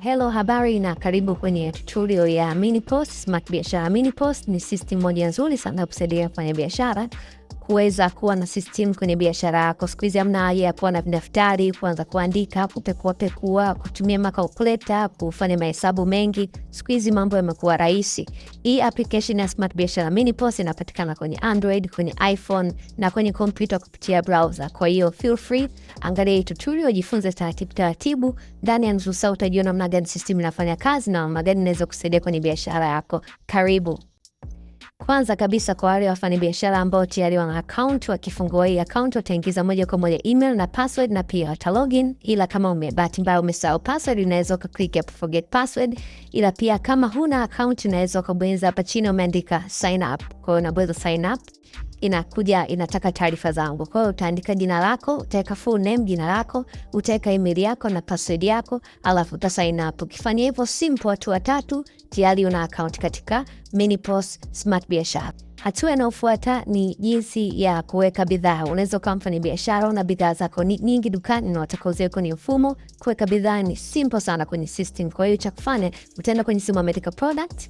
Hello, habari na karibu kwenye tutorial ya Mini Post Smart Biashara. Mini Post ni system moja nzuri sana kusaidia kufanya biashara kuweza kuwa na system kwenye biashara yako. Siku hizi amna haja ya kuwa na daftari, kuanza kuandika, kupekua pekua, kutumia makalkuleta, kufanya mahesabu mengi. Siku hizi mambo yamekuwa rahisi. Hii application ya Smart Biashara Mini POS inapatikana kwenye Android, kwenye iPhone na kwenye kompyuta kupitia browser. Kwa hiyo feel free, angalia hii tutorial, ujifunze taratibu taratibu. Ndani ya nusu saa utajiona namna gani system inafanya kazi na namna gani inaweza kusaidia kwenye biashara yako. Karibu. Kwanza kabisa kwa wale wafanyabiashara ambao tayari wana akaunti, wakifungua hii akaunti wataingiza moja kwa moja email na password na pia wata login, ila kama bahati mbaya umesahau password, unaweza ukaklik hapo forget password, ila pia kama huna akaunti unaweza ukabonyeza hapa chini umeandika sign up, kwa hiyo unaweza sign up inakuja inataka taarifa zangu. Kwa hiyo utaandika jina lako, utaweka full name, jina lako, utaweka email yako na password yako, alafu sign up. Ukifanya hivyo simple, watu watatu tayari una account katika Minipos Smart Biashara. Hatua inayofuata ni jinsi ya kuweka bidhaa. Unaweza ukawa biashara na bidhaa zako ni nyingi dukani na wataka uziwe kwenye mfumo. Kuweka bidhaa ni simple sana kwenye system. Kwa hiyo cha kufanya utaenda kwenye simu ya Product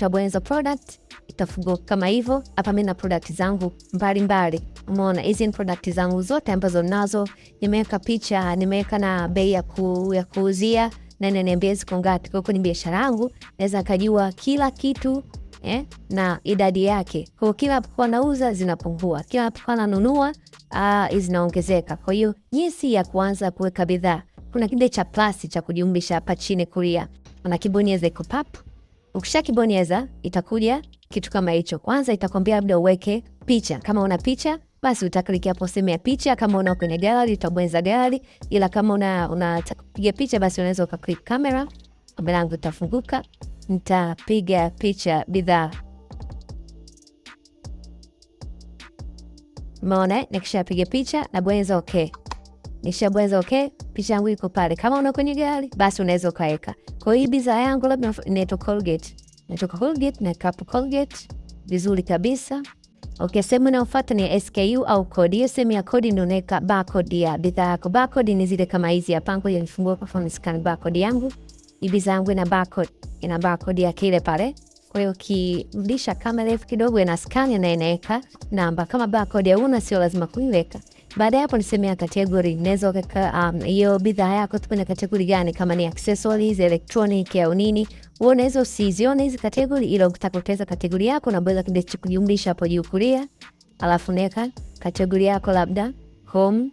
utabonyeza product itafungua kama hivyo. Hapa mimi na product zangu mbalimbali, umeona hizi ni product zangu zote ambazo nazo, nimeweka picha, nimeweka na bei ya, ku, ya kuuzia na naniambia ziko ngapi. Kwa hiyo ni biashara yangu, naweza kajua kila kitu eh, na idadi yake. Kwa hiyo kila napokuwa nauza zinapungua, kila napokuwa nanunua uh, zinaongezeka. Kwa hiyo jinsi ya kuanza kuweka bidhaa, kuna kide cha plus cha kujumlisha hapa chini kulia, na kibonyeze kupap Ukishakibonyeza itakuja kitu kama hicho. Kwanza itakwambia labda uweke picha, kama una picha basi utakliki hapo sehemu ya picha. Kama una kwenye gari utabonyeza gari ila kama una unataka kupiga picha basi unaweza ukaklik kamera. Mlango utafunguka, nitapiga picha bidhaa. Maona, nikishapiga picha nabonyeza okay nishabweza okay, picha yangu iko pale. Kama una kwenye gari, basi unaweza ukaweka. Kwa hii bidhaa yangu labda inaitwa Colgate, natoka Colgate na kapu Colgate vizuri kabisa. Okay, sehemu inayofuata ni SKU au kodi. Hiyo sehemu ya kodi ndio unaweka barcode ya bidhaa yako. Barcode ni zile kama hizi hapa, ngoja nifungua kwa mfano, scan barcode yangu. Hii bidhaa yangu ina barcode, ina barcode ya kile pale. Kwa hiyo ukirudisha kamera hivi kidogo, ina scan na inaweka namba. Kama barcode hauna, sio lazima kuiweka. Baada ya hapo nisemea kategori naweza kaka um, hiyo um, bidhaa yako tupo na kategori gani, kama ni accessories, electronic au nini, wewe unaweza usizione hizi kategori, ila ukitaka kutengeneza kategori yako unaweza kujumlisha hapo juu kulia, alafu neka kategori yako labda home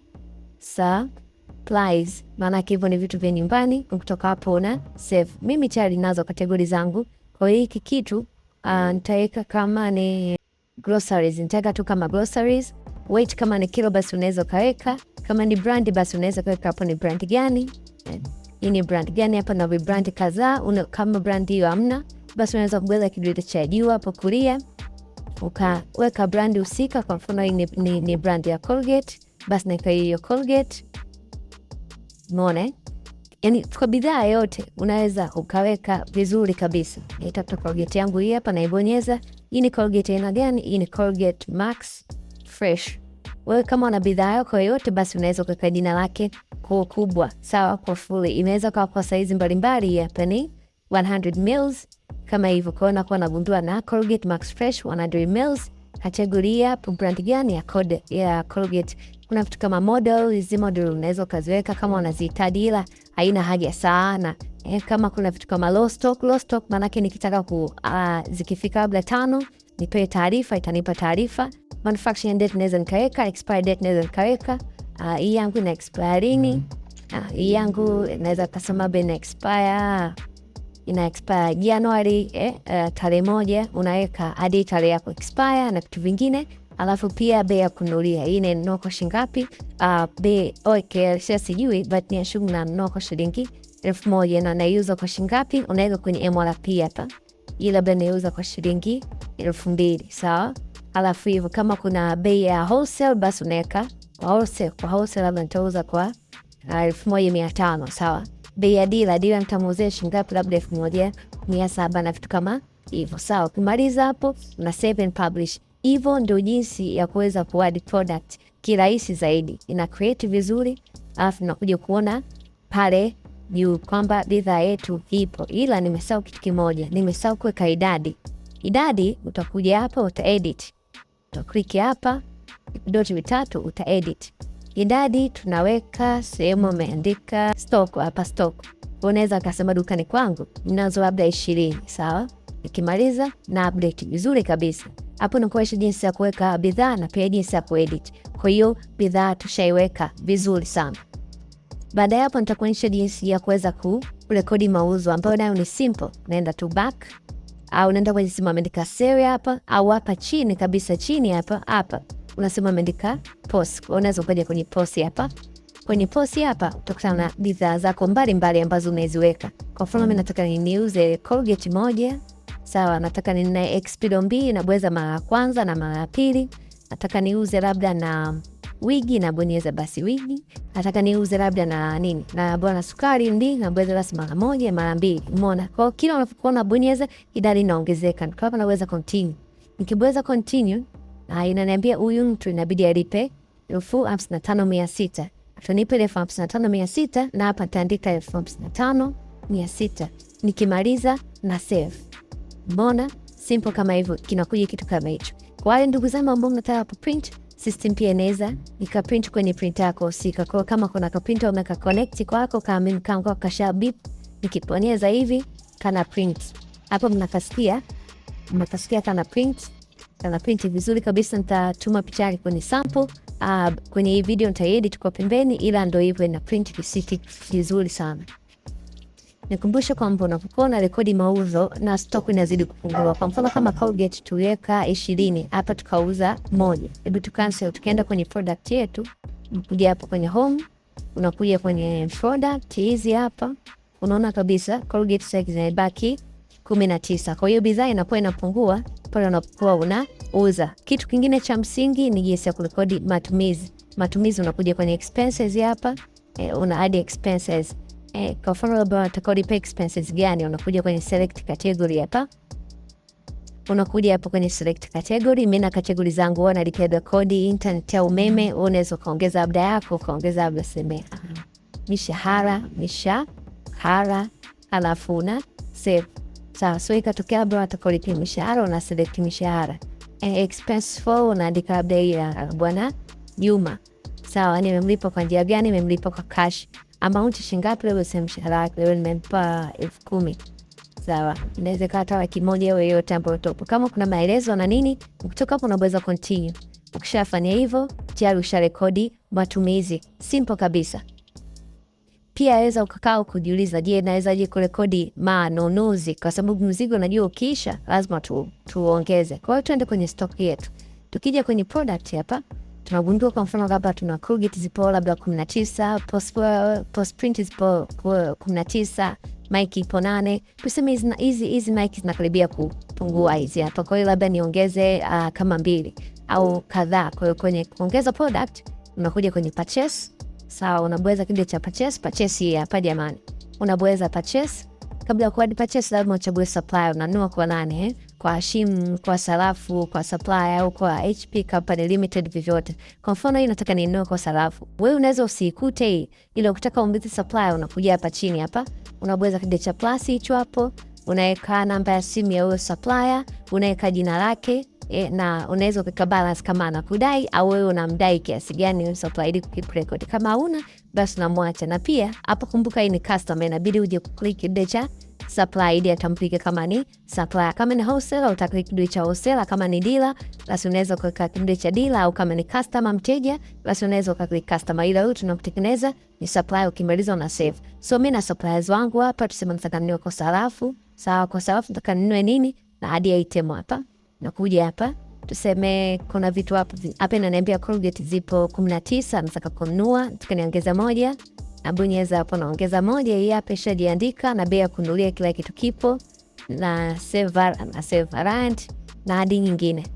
supplies, maana hivyo ni vitu vya nyumbani. Kutoka hapo na save. Mimi tayari nazo kategori zangu, kwa hiyo hiki kitu uh, nitaweka kama ni groceries, nitaweka tu kama groceries weight, kama ni kilo basi unaweza ukaweka, kama ni brand basi unaweza ukaweka hapo ni brand gani, eh, hii ni brand gani hapa, na vibrand kadhaa. Kama brand hiyo hamna, basi unaweza kugeza kidole cha juu hapo kulia ukaweka brand husika. Kwa mfano hii ni, ni, ni brand ya Colgate, basi naweka hiyo Colgate. Mone, eh? Yani kwa bidhaa yote unaweza ukaweka vizuri kabisa. Nitafuta Colgate yangu hii hapa, naibonyeza. Hii ni Colgate aina gani? Hii ni Colgate Max fresh. Wewe kama una bidhaa yako yoyote, basi unaweza ukaka jina lake kwa ukubwa sawa, kwa fuli inaweza kawa kwa saizi mbalimbali, hapa ni 100 mils kama hivyo. kwao nakuwa nagundua na Colgate Max Fresh 100 mils kategoria po brand gani ya code ya Colgate. Kuna vitu kama model, hizi model unaweza ukaziweka kama unazihitaji, ila haina haja sana eh, kama kuna vitu kama low stock, low stock maanake nikitaka ku uh, zikifika labda tano nipee taarifa, itanipa taarifa. Manufacturing date naweza nikaweka, expire date naweza nikaweka. Uh, hii yangu ina expire lini? Uh, hii yangu naweza kasema bena expire ina expire Januari eh, uh, tarehe moja unaweka hadi tarehe yako expire na vitu vingine, alafu pia bei ya kunulia hii nanunua kwa shilingi ngapi? Uh, bei okay, sasa sijui but ni ashumu nanunua kwa shilingi elfu moja na naiuza kwa shilingi ngapi, unaweka kwenye MRP hapa hii labda naiuza kwa shilingi elfu mbili sawa. Alafu hivyo kama kuna bei ya wholesale basi unaweka kwa wholesale. Kwa wholesale labda nitauza kwa uh, elfu moja mia tano sawa. Bei ya dila dila nitamuuzia shilingi ngapi? Labda elfu moja mia saba na vitu kama hivyo sawa. Ukimaliza hapo una save and publish. Hivyo ndio jinsi ya kuweza kuad product kirahisi zaidi, ina create vizuri, alafu nakuja kuona pale juu kwamba bidhaa yetu ipo, ila nimesahau kitu kimoja, nimesahau kuweka idadi. Idadi utakuja hapa uta utaedit, utakliki hapa mitatu, uta edit idadi. Tunaweka sehemu ameandika stock hapa, stock. Unaweza ukasema dukani kwangu ninazo labda ishirini. Sawa, ikimaliza na update vizuri kabisa hapo nakuonyesha jinsi ya kuweka bidhaa na pia jinsi ya kuedit. Kwa hiyo bidhaa tushaiweka vizuri sana. Baadaye hapo nitakuonyesha jinsi ya kuweza kurekodi mauzo ambayo nayo ni simple. Naenda tu back au naenda kwenye simu ameandika sale hapa au hapa chini kabisa chini hapa hapa. Unasema ameandika post. Unaweza ukaja kwenye post hapa. Kwenye post hapa utakutana na bidhaa zako mbalimbali ambazo unaziweka. Kwa mfano mimi nataka ni niuze Colgate moja. Sawa, nataka ni nina Xpido mbili bweza mara ya kwanza na mara ya pili. Nataka niuze labda na wigi nabonyeza basi wigi, nataka niuze labda na nini na bwana sukari ndi nabonyeza basi mara moja mara mbili, umeona? Kwa kila unapokuwa unabonyeza idadi inaongezeka, kwa hapa naweza continue. Nikibonyeza continue, na inaniambia huyu mtu inabidi alipe elfu hamsini na tano mia sita atanipa ile elfu hamsini na tano mia sita na hapa nitaandika elfu hamsini na tano mia sita nikimaliza na save. Mbona simple kama hivyo, kinakuja kitu kama hicho. Kwa wale ndugu zangu ambao mnataka kuprint system pia inaweza ikaprint kwenye printer yako husika. Kwa kama kuna kaprinta umeka connect kwako kama kama kasha beep, nikiponyeza hivi kana print hapo, mnakasikia mnakasikia kana print kana print vizuri kabisa. Nitatuma picha yake kwenye sample uh, kwenye hii video nitaedit kwa pembeni, ila ndio hivyo ina print kisiki vizuri sana. Nikumbushe kwamba unapokuwa unarekodi mauzo na stock inazidi kupungua, kwa mfano kama Colgate tuweka ishirini hapa tukauza moja, hebu tu cancel. tukaenda kwenye product yetu, kuja hapo kwenye home, unakuja kwenye product hizi hapa, unaona kabisa Colgate sasa zimebaki kumi na tisa. Kwa hiyo bidhaa inakuwa inapungua pale unapokuwa unauza. Kitu kingine cha msingi ni jinsi ya kurekodi matumizi. Matumizi unakuja kwenye expenses hapa, eh, una add expenses eh, kwa mfano labda unataka ulipe expenses gani, unakuja kwenye select category hapa, unakuja hapo kwenye select category. Mimi na category zangu huwa nalipia kodi, internet au umeme. unaweza ukaongeza labda yako ukaongeza labda semea mishahara, mishahara halafu una save sawa. So ikatokea labda unataka ulipia mishahara, una select mishahara e, expense for unaandika labda hii ya bwana Juma sawa, nimemlipa kwa njia gani? Nimemlipa kwa cash amaunti shingapi, wewe sema mshahara wake wewe nimempa elfu kumi sawa, inaweza kuwa hata laki moja au yote ambayo topo, kama kuna maelezo na nini, ukitoka hapo unaweza continue. Ukishafanya hivyo tayari usharekodi matumizi, simple kabisa. Pia aweza ukakaa kujiuliza, je, nawezaje kurekodi manunuzi? Kwa sababu mzigo unajua ukiisha lazima tu, tuongeze. Kwa hiyo tuende kwenye stock yetu, tukija kwenye product hapa tunagundua kwa mfano labda tuna Colgate zipo labda kumi na tisa Postprint zipo kumi na tisa mike ipo nane, tuseme hizi hizi mike zinakaribia kupungua hizi hapa, kwa hiyo labda niongeze uh, kama mbili au kadhaa. Kwa hiyo kwenye kuongeza product unakuja kwenye purchase, sawa, unabweza kile cha purchase. Purchase hii hapa jamani, unabweza purchase kabla ya kuwapatia lazima wachague supplier. unanua kwa nani eh? Kwa shim kwa Sarafu, kwa supplier au kwa HP Company Limited, vyovyote. Kwa mfano hii nataka ninunue kwa Sarafu, wewe unaweza usikute ile ukitaka umbizi supplier, unakuja hapa chini hapa, unabonyeza kidi cha plus hicho hapo, unaweka namba ya simu ya huyo supplier, unaweka jina lake E, na unaweza kuweka balance kama anakudai au wewe unamdai kiasi gani supply ili record. Kama una basi unamwacha, na pia hapo kumbuka, hii ni customer, inabidi uje kuclick cha supply ID atampika kama ni supplier. Kama ni wholesaler utaweka kidude cha wholesaler, kama ni dealer basi unaweza kuweka kidude cha dealer, au kama ni customer mteja basi unaweza kuweka customer, ila huyu tunamtengeneza ni supplier. Ukimaliza una save. So mimi na suppliers wangu hapa, tuseme nataka niwe kwa sarafu sawa, kwa sarafu nataka ninunue nini na hadi item hapa, nakuja hapa tuseme kuna vitu hapa hapa inaniambia Colgate zipo kumi na tisa nataka kununua, tukaniongeza moja na bonyeza hapo naongeza moja, hii hapa ishajiandika na bei ya kununulia, kila kitu kipo na save na save rant na hadi nyingine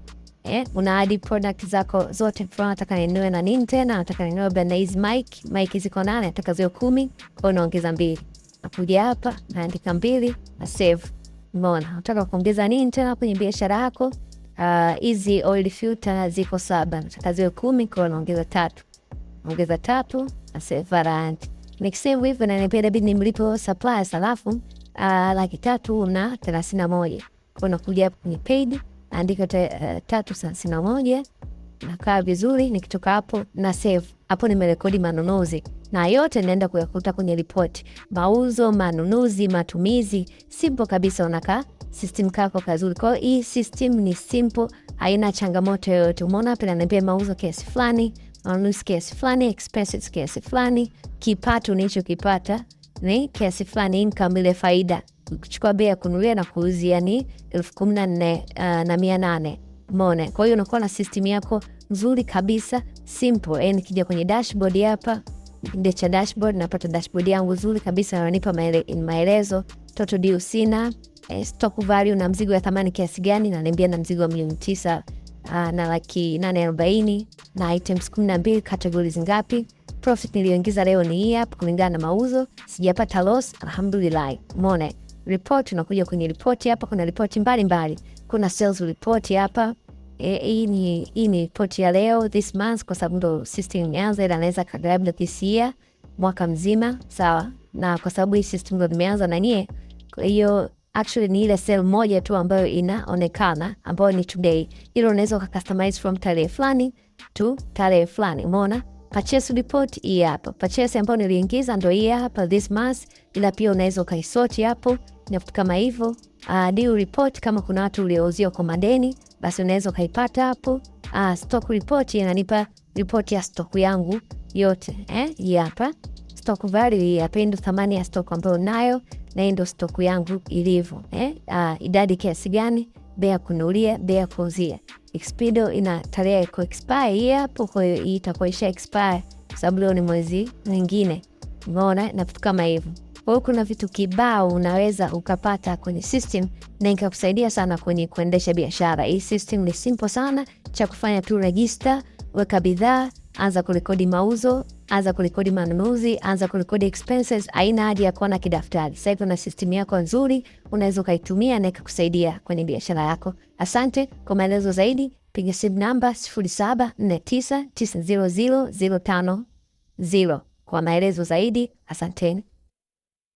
eh, una hadi product zako zote. Mfano, nataka ninunue na nini tena, nataka ninunue Bernese mic, mic ziko nane, nataka zio kumi, kwa naongeza mbili, nakuja hapa naandika mbili na save. Mbona nataka kuongeza nini tena kwenye biashara yako? Ah, hizi uh, oil filter ziko saba, nataka ziwe kumi, kwa naongeza tatu, ongeza tatu na save rant Next hivi nanipia dabidi nimlipo suppliers alafu uh, laki tatu na thelathini na moja kwa nakuja hapo kwenye paid naandika uh, tatu thelathini na moja nakaa vizuri. Nikitoka hapo na save hapo, nimerekodi manunuzi na yote naenda kuyakuta kwenye ripoti: mauzo, manunuzi, matumizi. Simple kabisa, unakaa system kako kazuri. Kwa hiyo hii system ni simple, haina changamoto yoyote. Umeona hapa, ananiambia mauzo kiasi fulani, manunuzi kiasi fulani, expenses kiasi fulani, kipato unachokipata ni kiasi fulani, income ile faida, kuchukua bei ya kununulia na kuuzia ni elfu kumi na nne uh, na mia nane mone. Kwa hiyo unakuwa na system yako nzuri kabisa simple. Yani eh, nikija kwenye dashboard hapa kipindi cha dashboard, napata dashboard yangu nzuri kabisa, nanipa maelezo total due sina, eh, stock value na mzigo ya thamani kiasi gani, naniambia na mzigo wa milioni tisa Ah, na laki nane arobaini na items kumi na mbili. Categories ngapi? Profit niliyoingiza leo ni hii hapa, kulingana na mauzo. Sijapata loss, alhamdulillah. mone report, unakuja kwenye report hapa, kuna report mbalimbali, kuna sales report hapa e, hii ni hii ni ripoti ya leo this month, kwa sababu ndo system imeanza, ila anaweza kagrabda this year, mwaka mzima sawa, na kwa sababu hii system ndo imeanza na nyie, kwa hiyo actually ni ile sell moja tu ambayo inaonekana ambayo ni today. Ile unaweza ukacustomize from tarehe fulani to tarehe fulani. Umeona purchase report hii hapa, purchase ambayo niliingiza ndo hii hapa this month, ila pia unaweza ukaisort hapo na vitu kama hivyo. Uh, ah, deal report kama kuna watu uliouzia kwa madeni, basi unaweza ukaipata hapo. Uh, stock report inanipa report ya stock yangu yote eh, hii hapa stock value Stokuvali yapendo thamani ya stock ambayo nayo na ndio stock yangu ilivyo eh? Uh, idadi kiasi gani, bei ya kunulia, bei ya kuuzia. Expedo ina tarehe ya kuexpire hii hapo, kwa hiyo itakuwa expire sababu leo ni mwezi mwingine, umeona, na vitu kama hivyo. Kwa hiyo kuna vitu kibao unaweza ukapata kwenye system na ikakusaidia sana kwenye kuendesha biashara. Hii system ni simple sana, cha kufanya tu register, weka bidhaa anza kurekodi mauzo, anza kurekodi manunuzi, anza kurekodi expenses. aina hadi ya kuwa na kidaftari. Sasa hivi una system yako nzuri, unaweza ukaitumia na ikakusaidia kwenye biashara yako. Asante kwa maelezo zaidi, piga simu namba 0749900050 kwa maelezo zaidi. Asanteni.